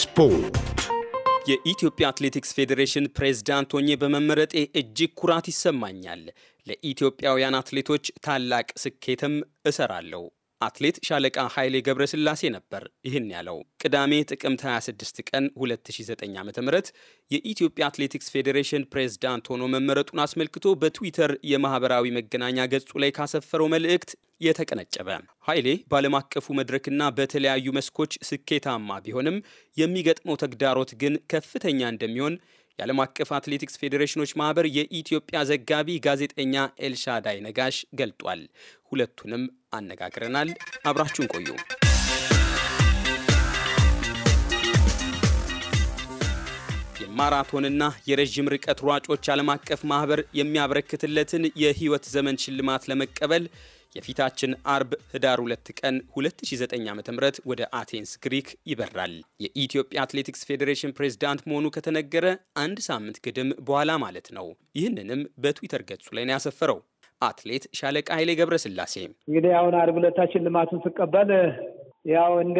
ስፖርት የኢትዮጵያ አትሌቲክስ ፌዴሬሽን ፕሬዝዳንት ሆኜ በመመረጤ እጅግ ኩራት ይሰማኛል። ለኢትዮጵያውያን አትሌቶች ታላቅ ስኬትም እሰራለሁ አትሌት ሻለቃ ኃይሌ ገብረስላሴ ነበር ይህን ያለው። ቅዳሜ ጥቅምት 26 ቀን 2009 ዓ ም የኢትዮጵያ አትሌቲክስ ፌዴሬሽን ፕሬዝዳንት ሆኖ መመረጡን አስመልክቶ በትዊተር የማህበራዊ መገናኛ ገጹ ላይ ካሰፈረው መልእክት የተቀነጨበ። ኃይሌ በዓለም አቀፉ መድረክና በተለያዩ መስኮች ስኬታማ ቢሆንም የሚገጥመው ተግዳሮት ግን ከፍተኛ እንደሚሆን የዓለም አቀፍ አትሌቲክስ ፌዴሬሽኖች ማህበር የኢትዮጵያ ዘጋቢ ጋዜጠኛ ኤልሻዳይ ነጋሽ ገልጧል። ሁለቱንም አነጋግረናል። አብራችሁን ቆዩ። ማራቶንና የረዥም ርቀት ሯጮች ዓለም አቀፍ ማህበር የሚያበረክትለትን የህይወት ዘመን ሽልማት ለመቀበል የፊታችን አርብ ህዳር 2 ቀን 2009 ዓ ም ወደ አቴንስ ግሪክ ይበራል። የኢትዮጵያ አትሌቲክስ ፌዴሬሽን ፕሬዝዳንት መሆኑ ከተነገረ አንድ ሳምንት ግድም በኋላ ማለት ነው። ይህንንም በትዊተር ገጹ ላይ ነው ያሰፈረው። አትሌት ሻለቃ ኃይሌ ገብረስላሴ እንግዲህ አሁን አርብ ሁለታችን ልማቱን ስቀበል ያው እንደ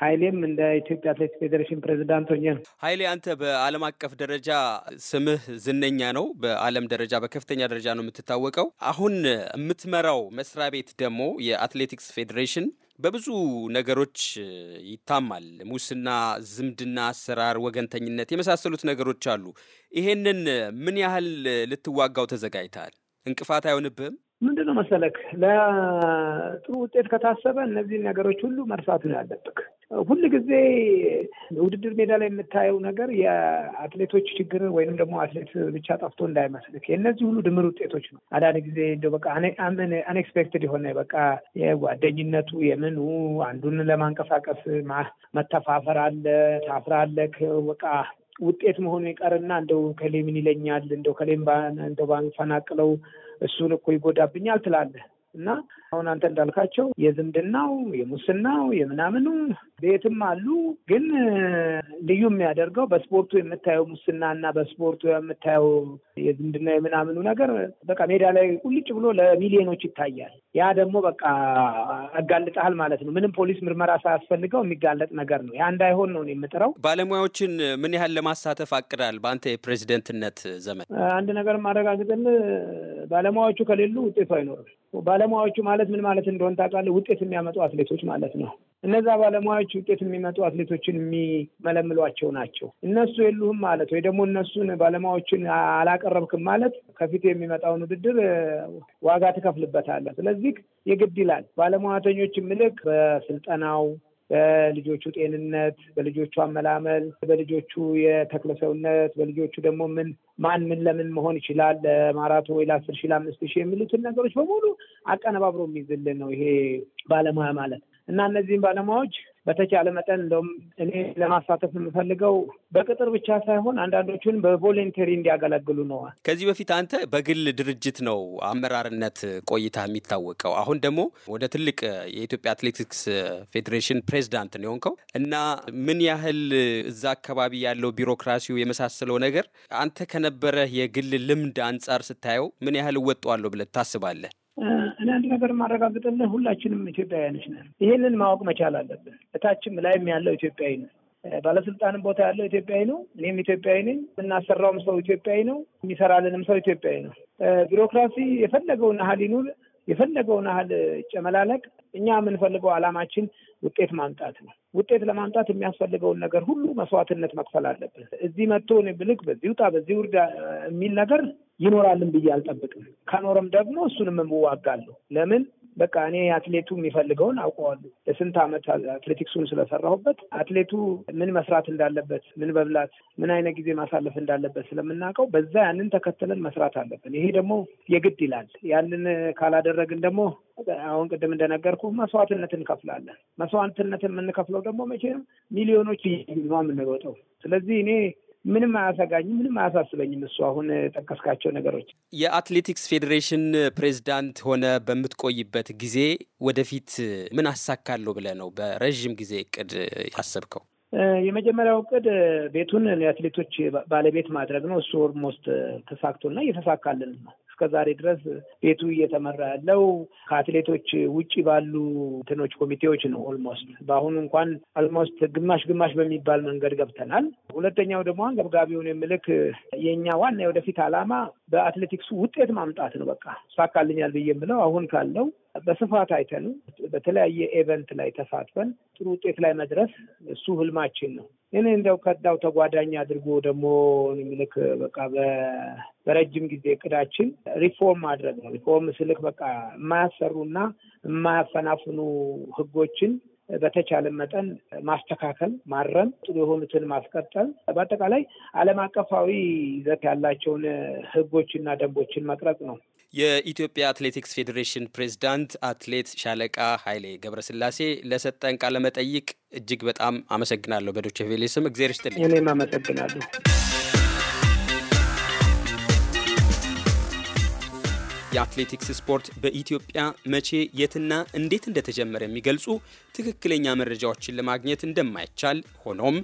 ኃይሌም እንደ ኢትዮጵያ አትሌቲክስ ፌዴሬሽን ፕሬዚዳንት ሆኜ ነው። ኃይሌ አንተ በዓለም አቀፍ ደረጃ ስምህ ዝነኛ ነው። በዓለም ደረጃ በከፍተኛ ደረጃ ነው የምትታወቀው። አሁን የምትመራው መስሪያ ቤት ደግሞ የአትሌቲክስ ፌዴሬሽን በብዙ ነገሮች ይታማል። ሙስና፣ ዝምድና፣ አሰራር፣ ወገንተኝነት የመሳሰሉት ነገሮች አሉ። ይሄንን ምን ያህል ልትዋጋው ተዘጋጅተሃል? እንቅፋት አይሆንብህም? ነው መሰለክ ለጥሩ ውጤት ከታሰበ እነዚህን ነገሮች ሁሉ መርሳት ነው ያለብክ። ሁል ጊዜ ውድድር ሜዳ ላይ የምታየው ነገር የአትሌቶች ችግር ወይንም ደግሞ አትሌት ብቻ ጠፍቶ እንዳይመስልክ የእነዚህ ሁሉ ድምር ውጤቶች ነው። አንዳንድ ጊዜ እንደ በቃ አንኤክስፔክትድ የሆነ በቃ የጓደኝነቱ የምኑ አንዱን ለማንቀሳቀስ መተፋፈር አለ፣ ታፍራለክ በቃ ውጤት መሆኑ ይቀርና እንደው ከሌ ምን ይለኛል እንደው ከሌም እንደው ባንፈናቅለው እሱን እኮ ይጎዳብኛል ትላለህ። እና አሁን አንተ እንዳልካቸው የዝምድናው የሙስናው የምናምኑ ቤትም አሉ። ግን ልዩ የሚያደርገው በስፖርቱ የምታየው ሙስና እና በስፖርቱ የምታየው የዝምድና የምናምኑ ነገር በቃ ሜዳ ላይ ቁልጭ ብሎ ለሚሊዮኖች ይታያል። ያ ደግሞ በቃ አጋልጠሃል ማለት ነው። ምንም ፖሊስ ምርመራ ሳያስፈልገው የሚጋለጥ ነገር ነው። ያ እንዳይሆን ነው የምጥረው። ባለሙያዎችን ምን ያህል ለማሳተፍ አቅዳል? በአንተ የፕሬዚደንትነት ዘመን አንድ ነገር ማረጋግጥል፣ ባለሙያዎቹ ከሌሉ ውጤቱ አይኖርም። ባለሙያዎቹ ማለት ምን ማለት እንደሆን ታውቃለህ? ውጤት የሚያመጡ አትሌቶች ማለት ነው። እነዛ ባለሙያዎች ውጤት የሚመጡ አትሌቶችን የሚመለምሏቸው ናቸው። እነሱ የሉህም ማለት ወይ ደግሞ እነሱን ባለሙያዎችን አላቀረብክም ማለት ከፊት የሚመጣውን ውድድር ዋጋ ትከፍልበታለህ። ስለዚህ የግድ ይላል ባለሙያተኞች ምልክ በስልጠናው በልጆቹ ጤንነት፣ በልጆቹ አመላመል፣ በልጆቹ የተክለ ሰውነት፣ በልጆቹ ደግሞ ምን ማን ምን ለምን መሆን ይችላል ለማራቶ ወይ ለአስር ሺ ለአምስት ሺ የሚሉትን ነገሮች በሙሉ አቀነባብሮ የሚይዝልን ነው ይሄ ባለሙያ ማለት እና እነዚህም ባለሙያዎች በተቻለ መጠን እንደውም እኔ ለማሳተፍ የምፈልገው በቅጥር ብቻ ሳይሆን አንዳንዶቹን በቮለንተሪ እንዲያገለግሉ ነው። ከዚህ በፊት አንተ በግል ድርጅት ነው አመራርነት ቆይታ የሚታወቀው። አሁን ደግሞ ወደ ትልቅ የኢትዮጵያ አትሌቲክስ ፌዴሬሽን ፕሬዚዳንት ነው የሆንከው እና ምን ያህል እዛ አካባቢ ያለው ቢሮክራሲው የመሳሰለው ነገር አንተ ከነበረ የግል ልምድ አንጻር ስታየው ምን ያህል እወጣዋለሁ ብለህ ታስባለህ? እኔ አንድ ነገር ማረጋግጥልን ሁላችንም ኢትዮጵያውያኖች ነን። ይሄንን ማወቅ መቻል አለብን። እታችም ላይም ያለው ኢትዮጵያዊ ነው። ባለስልጣንም ቦታ ያለው ኢትዮጵያዊ ነው። እኔም ኢትዮጵያዊ ነኝ። የምናሰራውም ሰው ኢትዮጵያዊ ነው። የሚሰራልንም ሰው ኢትዮጵያዊ ነው። ቢሮክራሲ የፈለገውን ያህል ይኑር፣ የፈለገውን ያህል ጨመላለቅ፣ እኛ የምንፈልገው አላማችን ውጤት ማምጣት ነው። ውጤት ለማምጣት የሚያስፈልገውን ነገር ሁሉ መስዋዕትነት መክፈል አለብን። እዚህ መጥቶ ብልክ በዚህ ውጣ በዚህ ውርዳ የሚል ነገር ይኖራልን ብዬ አልጠብቅም። ከኖርም ደግሞ እሱንም እምዋጋለሁ። ለምን በቃ እኔ አትሌቱ የሚፈልገውን አውቀዋለሁ። ለስንት ዓመት አትሌቲክሱን ስለሰራሁበት አትሌቱ ምን መስራት እንዳለበት፣ ምን በብላት ምን አይነት ጊዜ ማሳለፍ እንዳለበት ስለምናውቀው በዛ ያንን ተከትለን መስራት አለብን። ይሄ ደግሞ የግድ ይላል። ያንን ካላደረግን ደግሞ አሁን ቅድም እንደነገርኩ መስዋዕትነት እንከፍላለን። መስዋዕትነት የምንከፍለው ደግሞ መቼም ሚሊዮኖች ነው የምንሮጠው። ስለዚህ እኔ ምንም አያሰጋኝም፣ ምንም አያሳስበኝም። እሱ አሁን ጠቀስካቸው ነገሮች የአትሌቲክስ ፌዴሬሽን ፕሬዝዳንት ሆነ በምትቆይበት ጊዜ ወደፊት ምን አሳካለሁ ብለህ ነው በረዥም ጊዜ እቅድ ያሰብከው? የመጀመሪያው እቅድ ቤቱን የአትሌቶች ባለቤት ማድረግ ነው። እሱ ኦልሞስት ተሳክቶና እየተሳካልን ነው። ዛሬ ድረስ ቤቱ እየተመራ ያለው ከአትሌቶች ውጭ ባሉ እንትኖች ኮሚቴዎች ነው። ኦልሞስት በአሁኑ እንኳን ኦልሞስት ግማሽ ግማሽ በሚባል መንገድ ገብተናል። ሁለተኛው ደግሞ አንገብጋቢውን የምልክ የእኛ ዋና የወደፊት ዓላማ በአትሌቲክሱ ውጤት ማምጣት ነው። በቃ ሳካልኛል ብዬ የምለው አሁን ካለው በስፋት አይተንም በተለያየ ኤቨንት ላይ ተሳትፈን ጥሩ ውጤት ላይ መድረስ እሱ ህልማችን ነው። እኔ እንደው ከዳው ተጓዳኝ አድርጎ ደግሞ ምልክ በቃ በረጅም ጊዜ እቅዳችን ሪፎርም ማድረግ ነው። ሪፎርም ስልክ በቃ የማያሰሩና የማያፈናፍኑ ህጎችን በተቻለ መጠን ማስተካከል፣ ማረም፣ ጥሩ የሆኑትን ማስቀጠል፣ በአጠቃላይ ዓለም አቀፋዊ ይዘት ያላቸውን ህጎችና ደንቦችን መቅረጽ ነው የኢትዮጵያ አትሌቲክስ ፌዴሬሽን ፕሬዝዳንት አትሌት ሻለቃ ኃይሌ ገብረስላሴ ለሰጠን መጠይቅ እጅግ በጣም አመሰግናለሁ። በዶቼ ቬሌ ስም እግዜር ይስጥልኝ። እኔም አመሰግናለሁ። የአትሌቲክስ ስፖርት በኢትዮጵያ መቼ የትና እንዴት እንደተጀመረ የሚገልጹ ትክክለኛ መረጃዎችን ለማግኘት እንደማይቻል ሆኖም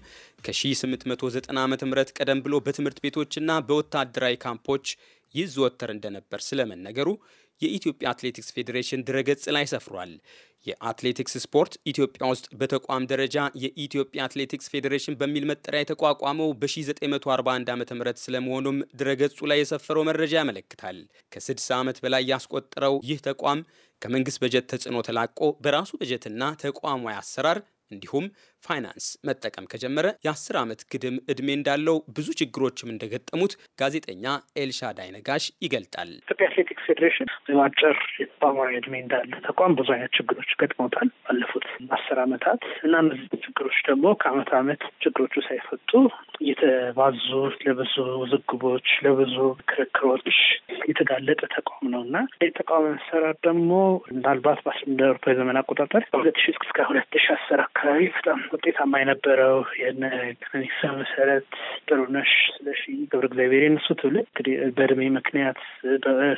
ከ1890 ዓ ም ቀደም ብሎ በትምህርት ቤቶችና በወታደራዊ ካምፖች ይዘወተር እንደነበር ስለመነገሩ የኢትዮጵያ አትሌቲክስ ፌዴሬሽን ድረገጽ ላይ ሰፍሯል። የአትሌቲክስ ስፖርት ኢትዮጵያ ውስጥ በተቋም ደረጃ የኢትዮጵያ አትሌቲክስ ፌዴሬሽን በሚል መጠሪያ የተቋቋመው በ1941 ዓ ም ስለመሆኑም ድረገጹ ላይ የሰፈረው መረጃ ያመለክታል። ከ60 ዓመት በላይ ያስቆጠረው ይህ ተቋም ከመንግሥት በጀት ተጽዕኖ ተላቆ በራሱ በጀትና ተቋማዊ አሰራር እንዲሁም ፋይናንስ መጠቀም ከጀመረ የአስር ዓመት ግድም እድሜ እንዳለው ብዙ ችግሮችም እንደገጠሙት ጋዜጠኛ ኤልሻዳይ ነጋሽ ይገልጣል። ኢትዮጵያ አትሌቲክስ ፌዴሬሽን አጭር የተቋማዊ እድሜ እንዳለ ተቋም ብዙ አይነት ችግሮች ገጥሞታል ባለፉት አስር ዓመታት እና እነዚህ ችግሮች ደግሞ ከአመት አመት ችግሮቹ ሳይፈጡ እየተባዙ ለብዙ ውዝግቦች፣ ለብዙ ክርክሮች የተጋለጠ ተቋም ነው እና የተቋም አሰራር ደግሞ ምናልባት በአስምደሮፓ የዘመን አቆጣጠር ሁለት ሺ እስከ ሁለት ሺ አስር አካባቢ በጣም ውጤታማ የነበረው የነ ቀነኒሳ መሰረት፣ ጥሩነሽ ስለሺ፣ ገብረ እግዚአብሔር የነሱ ትውልድ በእድሜ ምክንያት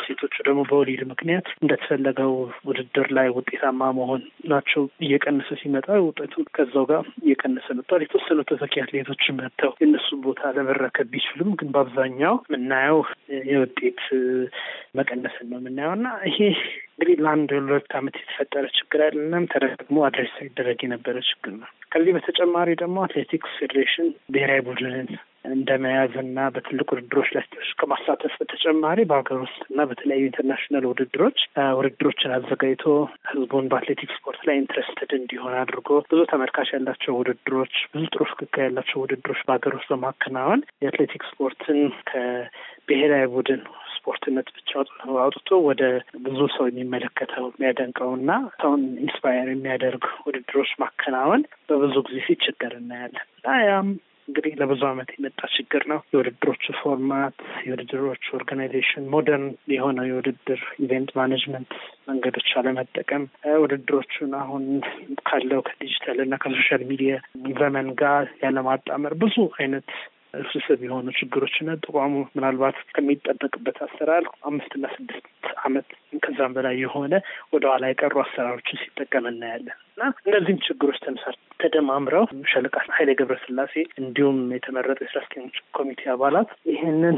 ሴቶቹ ደግሞ በወሊድ ምክንያት እንደተፈለገው ውድድር ላይ ውጤታማ መሆን ናቸው እየቀነሰ ሲመጣ ውጤቱ ከዛው ጋር እየቀነሰ መጥቷል። የተወሰኑ ተተኪ አትሌቶች መጥተው የእነሱን ቦታ ለመረከብ ቢችሉም ግን በአብዛኛው የምናየው የውጤት መቀነስን ነው የምናየው እና ይሄ እንግዲህ ለአንድ ሁለት ዓመት የተፈጠረ ችግር አይደለም፣ ተደግሞ አድሬስ ሳይደረግ የነበረ ችግር ነው። ከዚህ በተጨማሪ ደግሞ አትሌቲክስ ፌዴሬሽን ብሔራዊ ቡድንን እንደመያዝ እና በትልቅ ውድድሮች ላይ ከማሳተፍ በተጨማሪ በሀገር ውስጥ እና በተለያዩ ኢንተርናሽናል ውድድሮች ውድድሮችን አዘጋጅቶ ህዝቡን በአትሌቲክ ስፖርት ላይ ኢንትረስትድ እንዲሆን አድርጎ ብዙ ተመልካች ያላቸው ውድድሮች፣ ብዙ ጥሩ ፍክክር ያላቸው ውድድሮች በሀገር ውስጥ በማከናወን የአትሌቲክ ስፖርትን ከብሔራዊ ቡድን ስፖርትነት ብቻ አውጥቶ ወደ ብዙ ሰው የሚመለከተው የሚያደንቀው እና ሰውን ኢንስፓየር የሚያደርግ ውድድሮች ማከናወን በብዙ ጊዜ ሲቸገር እናያለን። ያም እንግዲህ ለብዙ ዓመት የመጣ ችግር ነው። የውድድሮቹ ፎርማት፣ የውድድሮቹ ኦርጋናይዜሽን፣ ሞደርን የሆነው የውድድር ኢቨንት ማኔጅመንት መንገዶች አለመጠቀም፣ ውድድሮቹን አሁን ካለው ከዲጂታል እና ከሶሻል ሚዲያ ዘመን ጋር ያለማጣመር ብዙ አይነት ውስብስብ የሆኑ ችግሮችና ተቋሙ ምናልባት ከሚጠበቅበት አሰራር አምስትና ስድስት ዓመት ከዛም በላይ የሆነ ወደኋላ የቀሩ አሰራሮችን ሲጠቀም እናያለን እና እነዚህም ችግሮች ተምሳር ተደማምረው ሻለቃ ኃይሌ ገብረስላሴ እንዲሁም የተመረጡ የስራ አስኪያጅ ኮሚቴ አባላት ይህንን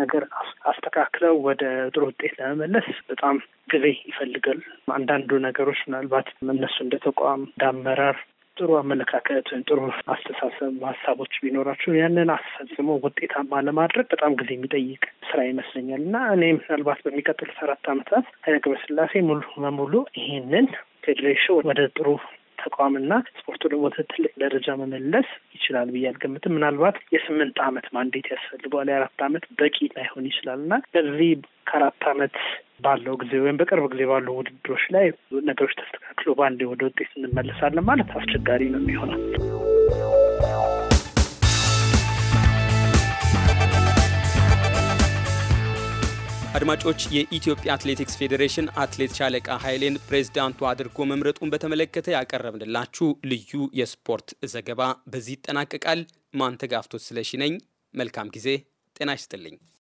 ነገር አስተካክለው ወደ ጥሩ ውጤት ለመመለስ በጣም ጊዜ ይፈልጋል። አንዳንዱ ነገሮች ምናልባት እነሱ እንደ ተቋም እንደ አመራር ጥሩ አመለካከት ወይም ጥሩ አስተሳሰብ ሀሳቦች ቢኖራቸው ያንን አስፈጽሞ ውጤታማ ለማድረግ በጣም ጊዜ የሚጠይቅ ስራ ይመስለኛል እና እኔ ምናልባት በሚቀጥሉት አራት አመታት ኃይለ ገብረስላሴ ሙሉ በሙሉ ይሄንን ፌዴሬሽን ወደ ጥሩ ተቋምና ስፖርቱ ደግሞ ትልቅ ደረጃ መመለስ ይችላል ብዬ አልገምትም። ምናልባት የስምንት ዓመት ማንዴት ያስፈልገዋል። የአራት አመት በቂ ላይሆን ይችላል እና በዚህ ከአራት አመት ባለው ጊዜ ወይም በቅርብ ጊዜ ባሉ ውድድሮች ላይ ነገሮች ተስተካክሎ በአንዴ ወደ ውጤት እንመለሳለን ማለት አስቸጋሪ ነው የሚሆነው። አድማጮች የኢትዮጵያ አትሌቲክስ ፌዴሬሽን አትሌት ሻለቃ ኃይሌን ፕሬዝዳንቱ አድርጎ መምረጡን በተመለከተ ያቀረብንላችሁ ልዩ የስፖርት ዘገባ በዚህ ይጠናቀቃል። ማንተጋፍቶት ስለሺ ነኝ። መልካም ጊዜ። ጤና ይስጥልኝ።